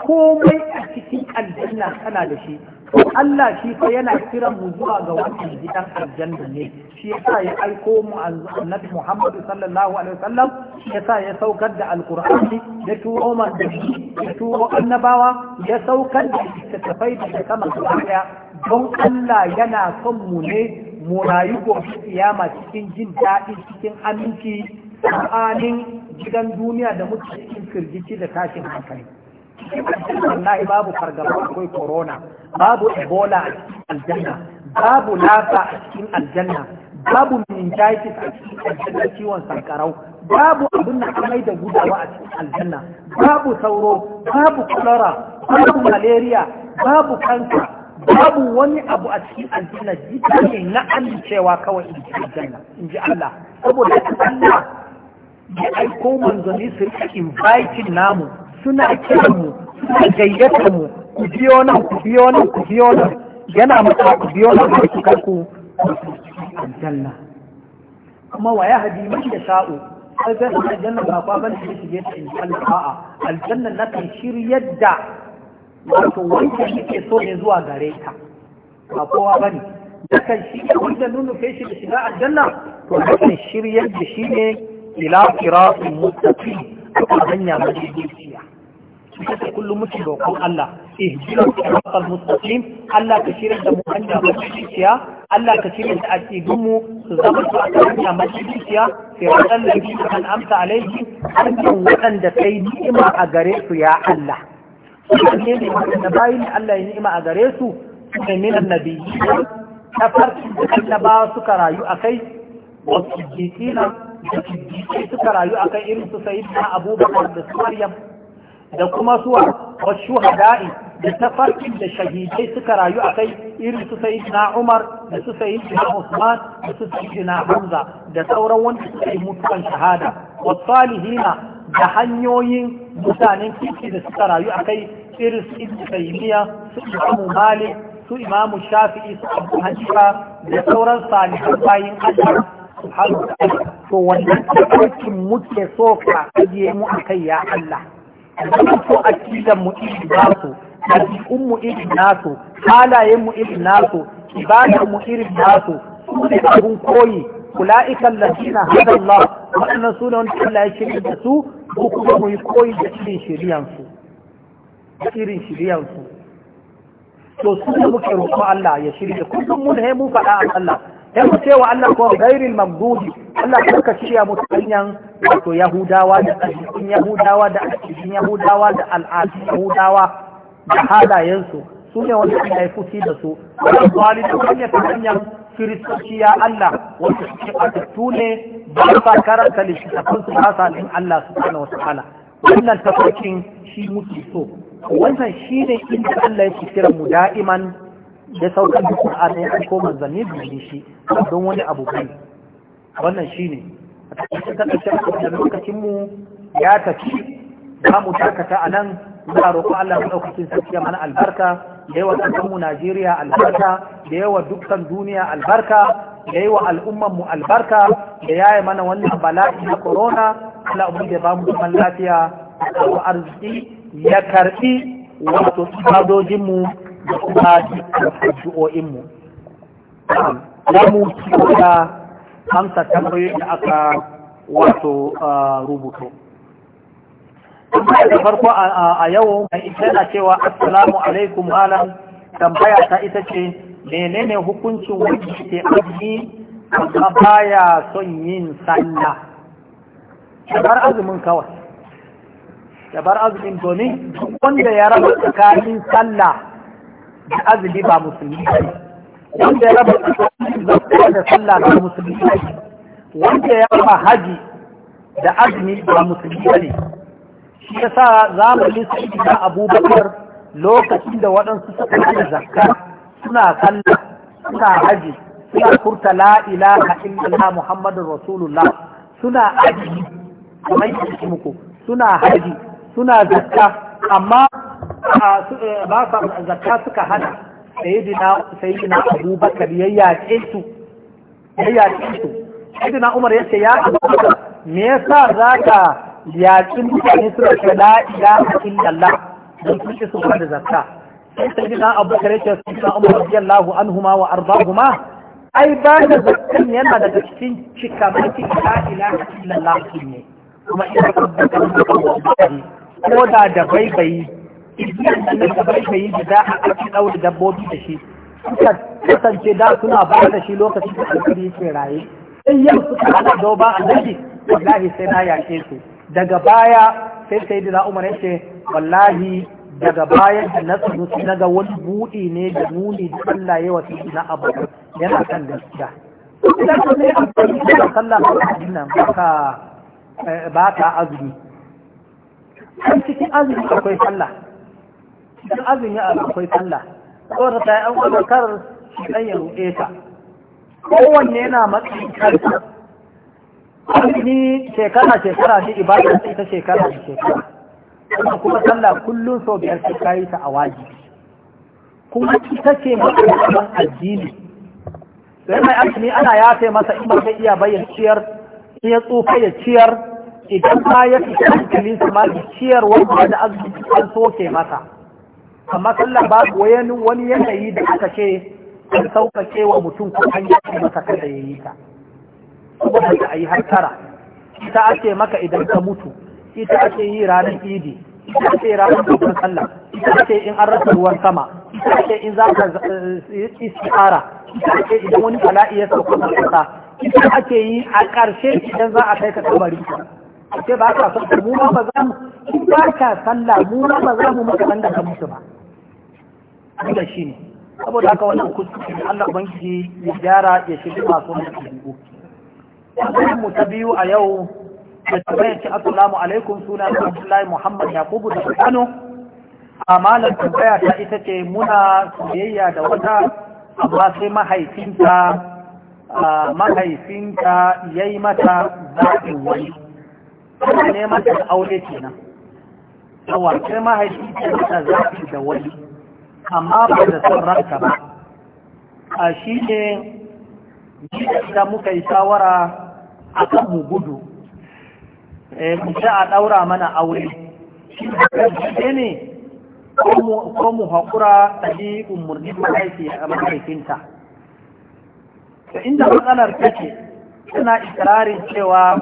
komai a cikin aljanna kana da shi to Allah shi fa yana kiran mu zuwa ga wannan gidan aljanna ne shi yasa ya aiko mu annabi Muhammad sallallahu alaihi wasallam shi yasa ya saukar da alqur'ani da turo man ya turo annabawa ya saukar da littattafai da sama daya don Allah yana son mu ne mu rayu gobe kiyama cikin jin daɗi cikin aminci tsakanin gidan duniya da muke cikin firgici da kashin hankali wallahi babu fargaba akwai corona babu ebola a cikin aljanna babu lafa a cikin aljanna babu meningitis a cikin aljanna ciwon sankarau babu abin da amai da gudawa a cikin aljanna babu sauro babu cholera babu malaria babu kansa babu wani abu a cikin aljanna jita ne na amincewa kawai in ji aljanna in ji Allah saboda Allah ya aiko manzanni su rika inviting namu suna kiranmu suna gayyatar mu ku biyo nan ku biyo nan ku biyo nan yana maka ku biyo nan ku kuka ku aljanna kuma wa yahdi man yasha'u sai ga aljanna ba kwa ban shi shige ta inshallah a'a aljanna na kan shirya da wato wanda yake so ne zuwa gare ta ba kowa bane da kan shirya wanda nuna kai shi da shiga aljanna to da kan shirya da shi ne ila qira'in mustaqim a hanya mai dukiya kace kullum muke roƙon Allah ihdina siratal mustaqim Allah ka shirin da mu hanya madaidaiciya Allah ka shirin da addinin mu su zama su a hanya madaidaiciya siratal ladina an'amta alaihim hanyar waɗanda kai ni'ima a gare su ya Allah suka ne ne waɗanda bayin Allah ya ni'ima a gare su suka min annabi ta farkin da annaba suka rayu a kai wasu jitina da suka rayu a kai irin su sayyidina abubakar da su maryam da kuma suwa wasu hada'i da tafarkin da shahidai suka rayu a kai irin su sayi na umar da su sayi na usman da su sayi na hamza da sauran wanda suka yi mutuwan shahada wasalihina da hanyoyin mutanen kirki da suka rayu a kai irin su ibn taymiya su imamu malik su imamu shafi'i su abu hanifa da sauran salihan bayin allah subhanahu wa ta'ala to wannan tafarkin muke so ka ajiye mu akai ya allah zama ko akidan mu iri nasu ɗabi'un mu iri nasu halayen mu iri su ibadar mu iri na su ne abun koyi ula'ikan ladina hada Allah waɗannan su ne wani Allah ya shirya da su ko kuma mu yi koyi da irin shiryansu da irin shiryansu to su ne muke roƙo Allah ya shirya kullum mun he mun faɗa a Allah dan mu cewa Allah ko gairin mamdudi Allah ko ka shirya mu hanyar wato Yahudawa da cikin Yahudawa da cikin Yahudawa da al'adun Yahudawa da halayensu su ne wanda Allah ya fushi da su wannan kwali da hanyar hanyar kiristoci ya Allah wanda suke atattu ne ba sa karanta littattafan su ba sa din Allah subhanahu wataala wannan tafarkin shi mutu so wannan shine inda Allah ya kira mu da'iman ya saukar da Qur'ani ya koma manzanni da shi don wani abu ne. wannan shine a cikin kaddashin da lokacin mu ya tafi za mu takata a nan za roƙo Allah maɗaukacin sarki ya mana albarka da yawa mu Najeriya albarka da yawa dukkan duniya albarka da yawa al'umman mu albarka da yaya mana wannan bala'i na corona Allah ubi da ba mu zaman lafiya da arziki ya karɓi wato ibadojin mu da kuma dukkan addu'o'inmu za mu ci da amsa tambayoyin da aka wato rubuto da farko a yau mai tana cewa assalamu alaikum malam tambaya ta ita ce menene hukuncin wani ke aji amma baya son yin sanya. shabar azumin kawai shabar azumin domin wanda ya raba tsakanin sallah da azumi ba musulmi wanda ya raba zakka da sallah ba musulmi wanda ya raba haji da azumi ba musulmi ne shi yasa zamanin sai da abubakar lokacin da waɗansu suka yi zakka suna kalla suna haji suna furta la ilaha illallah muhammadur rasulullah suna haji kamar yadda muku suna haji suna zakka amma ba sa zakka suka hana sayyidina sayyidina Abubakar ya yaƙe su ya yaƙe su sayyidina Umar ya ce ya me yasa zaka yaƙi mutane suna ce la ilaha illallah don sun ci su da zakka sai sayyidina Bakar ya ce sayyidina Umar radiyallahu anhuma wa ai ba da zakkan yana daga cikin cikamaki la ilaha illallah ne kuma ina da ko da da baibayi igiyar nan da bai bai yi da a ƙarfi ɗaure dabbobi da shi suka kasance da suna ba da shi lokacin da alƙari yake raye sai yau suka hana doba annabi wallahi sai na yaƙe su daga baya sai sai da umar ya ce wallahi daga baya da na tsaro su na ga wani buɗi ne da nuni da Allah ya wasu na abu yana kan gaskiya. Idan ka ne amfani da sallah nan ba ka eh, azumi. Kan cikin azumi akwai sallah. duk azumi a akwai sallah saboda ta yi an kwanar kar shi ɗan ya ruɗe ka kowanne yana matsayin kansa azumi shekara shekara shi ibada sai ta shekara da shekara kuma sallah kullum sau biyar sai kayi ta a wajibi kuma ita ce matsayin addini sai mai azumi ana yafe masa in ba iya bayyana ciyar in ya tsufa ya ciyar idan ba ya fi hankalin su ma ciyar wanda da azumi an soke masa amma sallah babu wani wani yanayi da aka ce an sauƙaƙe wa mutum ko an yi masa kada ya yi ta saboda a yi har tara ita ake maka idan ka mutu ita ake yi ranar idi ita ake ranar babban sallah ita ake in an rasa ruwan sama ita ake in za ka eh, istiara ita ake idan wani bala'i ya sauka masa ita ake yi a ƙarshe idan za a kai ka kabari ake ba ka son mu ma ba za mu in ba ka sallah mu ma ba za mu maka da ka mutu ba wanda shi ne saboda haka wannan kuskure Allah ubangiji ya gyara ya shirya masu wani mu ta biyu a yau da tambayar ci assalamu alaikum suna Abdullahi Muhammad Yakubu da Kano a malam tambaya ta ita ce muna soyayya da wata amma sai mahaifinta mahaifinta ya yi mata zaɓin wani ne mata aure kenan yawa sai mahaifinta ya mata zaɓi da wani amma ba da son ranka ba a shi ne da muka yi shawara a kan mu gudu eh, mu sha a ɗaura mana aure shi da ne ko mu haƙura a yi a mahaifinta to inda matsalar take suna ikirarin cewa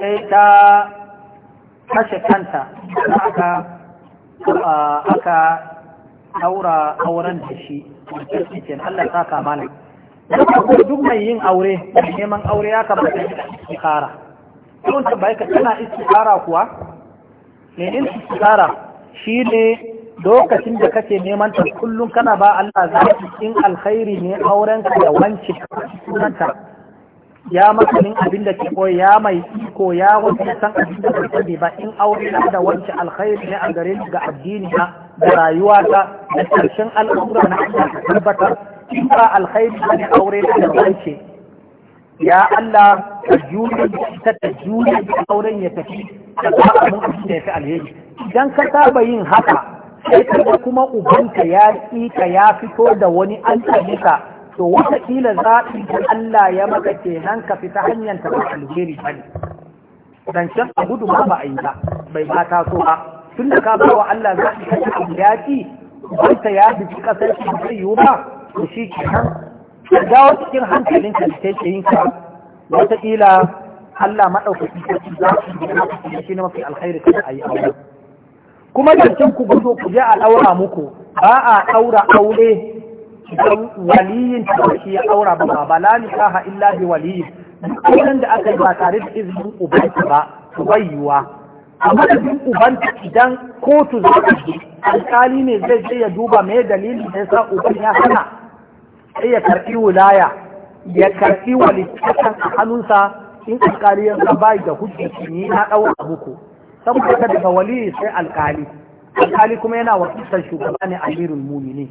sai ta kashe kanta da aka aura auren da shi cikin Allah ta kamala duk mai yin aure neman aure ya kamata ya istikara kun tabbai ka tana istikara kuwa ne in istikara ne lokacin da kake neman ta kullum kana ba Allah zaki cikin alkhairi ne auren ka da wanci sunanta ya makamin abin da ke koyi ya mai iko ya wani san abin da ke ba in aure da wancan alkhairi ne a gare ga addini na da rayuwata da ƙarshen al'amura na Allah ka tabbatar in ba alkhairi ba ne aure da da zance ya Allah ka jure ta ta da auren ya tafi ka ba mun abin da ya fi alheri idan ka saba yin haka sai ka kuma ubanka ya ka ya fito da wani an ka to wataƙila za zaɓi da Allah ya maka kenan ka fita hanyar ta alheri bane zancen a gudu ba ba a yi ba bai ba ta so ba tun da ka ba wa Allah za ka kashe abu ya ci wanda ya biki kasar shi ba zai yiwu ba to shi ke nan ka dawo cikin hankalin ka da take yin ka wataƙila Allah maɗaukaki sarki za su yi shi na mafi alkhairi kada a yi aure kuma can ku gudu ku je a ɗaura muku ba a ɗaura aure don waliyin da shi ya ɗaura ba ba la nikaha illa bi waliyin duk da aka yi ba tare da izinin ubanki ba ku bayyuwa a madadin uban idan kotu za ta alkali ne zai je ya duba mai dalili da yasa uban ya hana sai ya karɓi wilaya ya karɓi walittakan a hannunsa in alkali ya sa bai da hujjaci ni na ɗaura muku saboda ka daga wali sai alkali alkali kuma yana wakiltar shugaba ne amirul mumini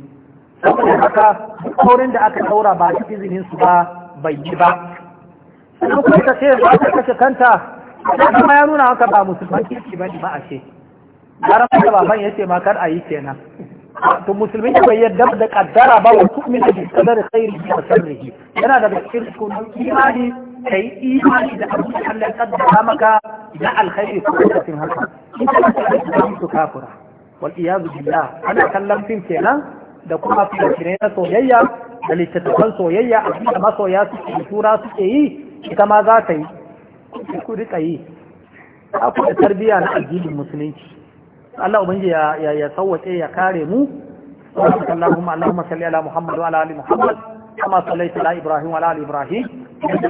saboda haka auren da aka taura ba izinin su ba bai yi ba sannan ce za kanta kuma ya nuna haka ba musulman kirki ba ne ba a ce har da baban ya ce ma kar a yi kenan to musulmi ne bai yadda da kaddara ba wa da bi qadari da wa sharrihi yana da cikin sunan imani kai imani da abu Allah ya kaddara maka da alkhairi ko da tin haka in ka ta kafura wal iyad billah ana kallon fim kenan da kuma fitine na soyayya da littattafan soyayya abin da masoya suke tura suke yi ita ma za ta yi ku rika yi ku da tarbiyya na addinin musulunci Allah ubangi ya ya sauwake ya kare mu alaihi wa sallam ala محمد وعلى Muhammad. Kama كما ala على ابراهيم وعلى ال Ibrahim.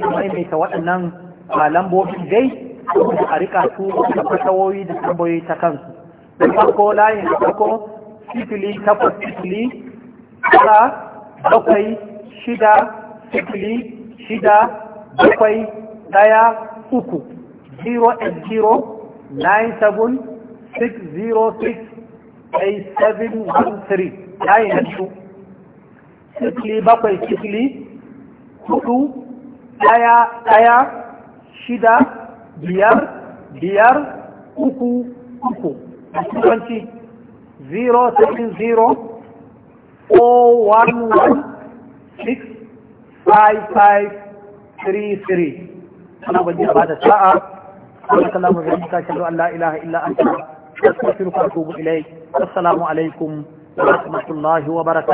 mai ta waɗannan lambobin dai a rika su da fasawoyi da tambayoyi ta kansu da farko layin da farko sifili takwas sifili tara bakwai shida sifili shida bakwai daya uku 080-97606-8713 yayi sikili bakwai sikili hudu daya daya shida biyar biyar uku uku a turanci 070 011 6 5533 ana gwaji ba da sa'a Allah ta lamu zai muka shaɗu Allah ilaha illa an ta wasu firka tubu ilai assalamu alaikum wa rahmatullahi wa barakatuh